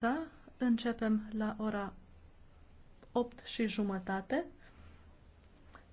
Da, începem la ora 8 și jumătate.